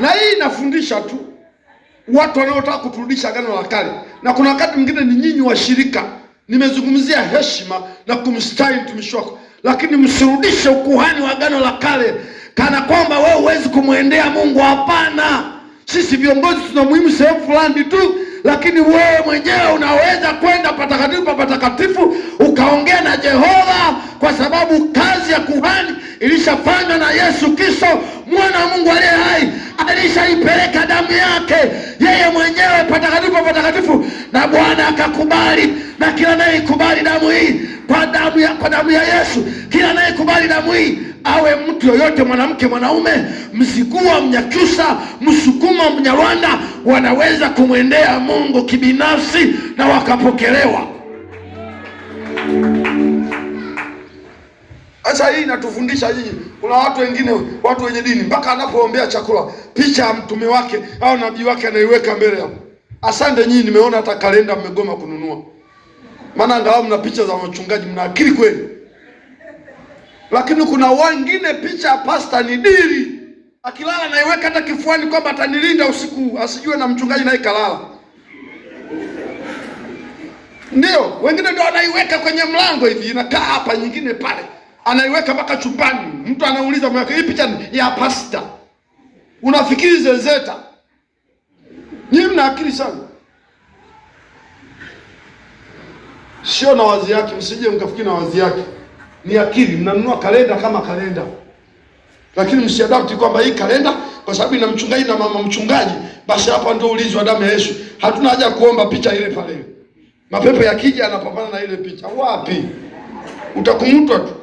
na hii inafundisha tu watu wanaotaka kuturudisha Agano la Kale, na kuna wakati mwingine ni nyinyi washirika. Nimezungumzia heshima na kumstahi mtumishi wako, lakini msirudishe ukuhani wa Agano la Kale kana kwamba wewe huwezi kumwendea Mungu. Hapana, sisi viongozi tuna muhimu sehemu fulani tu, lakini wewe mwenyewe unaweza kwenda patakatifu pa patakatifu ukaongea na Jehova, kwa sababu kazi ya kuhani ilishafanywa na Yesu Kristo mwana wa Mungu aliye hai alishaipeleka damu yake yeye mwenyewe patakatifu patakatifu, na Bwana akakubali, na kila anayekubali damu hii kwa damu ya, kwa damu ya Yesu, kila anayekubali damu hii awe mtu yoyote, mwanamke, mwanaume, Mzigua, Mnyakyusa, Msukuma, Mnyarwanda, wanaweza kumwendea Mungu kibinafsi na wakapokelewa. Sasa hii natufundisha hii kuna watu wengine, watu wenye dini, mpaka anapoombea chakula picha ya mtume wake au nabii wake anaiweka mbele hapo. Asante nyinyi, nimeona hata kalenda mmegoma kununua, maana angalau mna picha za wachungaji, mna akili kweli. Lakini kuna wengine picha ya pasta ni dili, akilala naiweka hata kifuani kwamba atanilinda usiku, asijue na mchungaji naye kalala. Ndio wengine ndio wanaiweka kwenye mlango hivi, inakaa hapa, nyingine pale anaiweka mpaka chupani. Mtu anauliza mweka hii picha ya pasta, unafikiri zezeta? Ni mna akili sana, sio na wazi yake. Msije mkafikiri na wazi yake ni akili. Mnanunua kalenda kama kalenda, lakini msiadapti kwamba hii kalenda kwa sababu ina mchungaji na mama mchungaji, basi hapa ndio ulinzi wa damu ya Yesu. Hatuna haja kuomba picha ile pale, mapepo yakija anapambana na ile picha. Wapi, utakumutwa tu.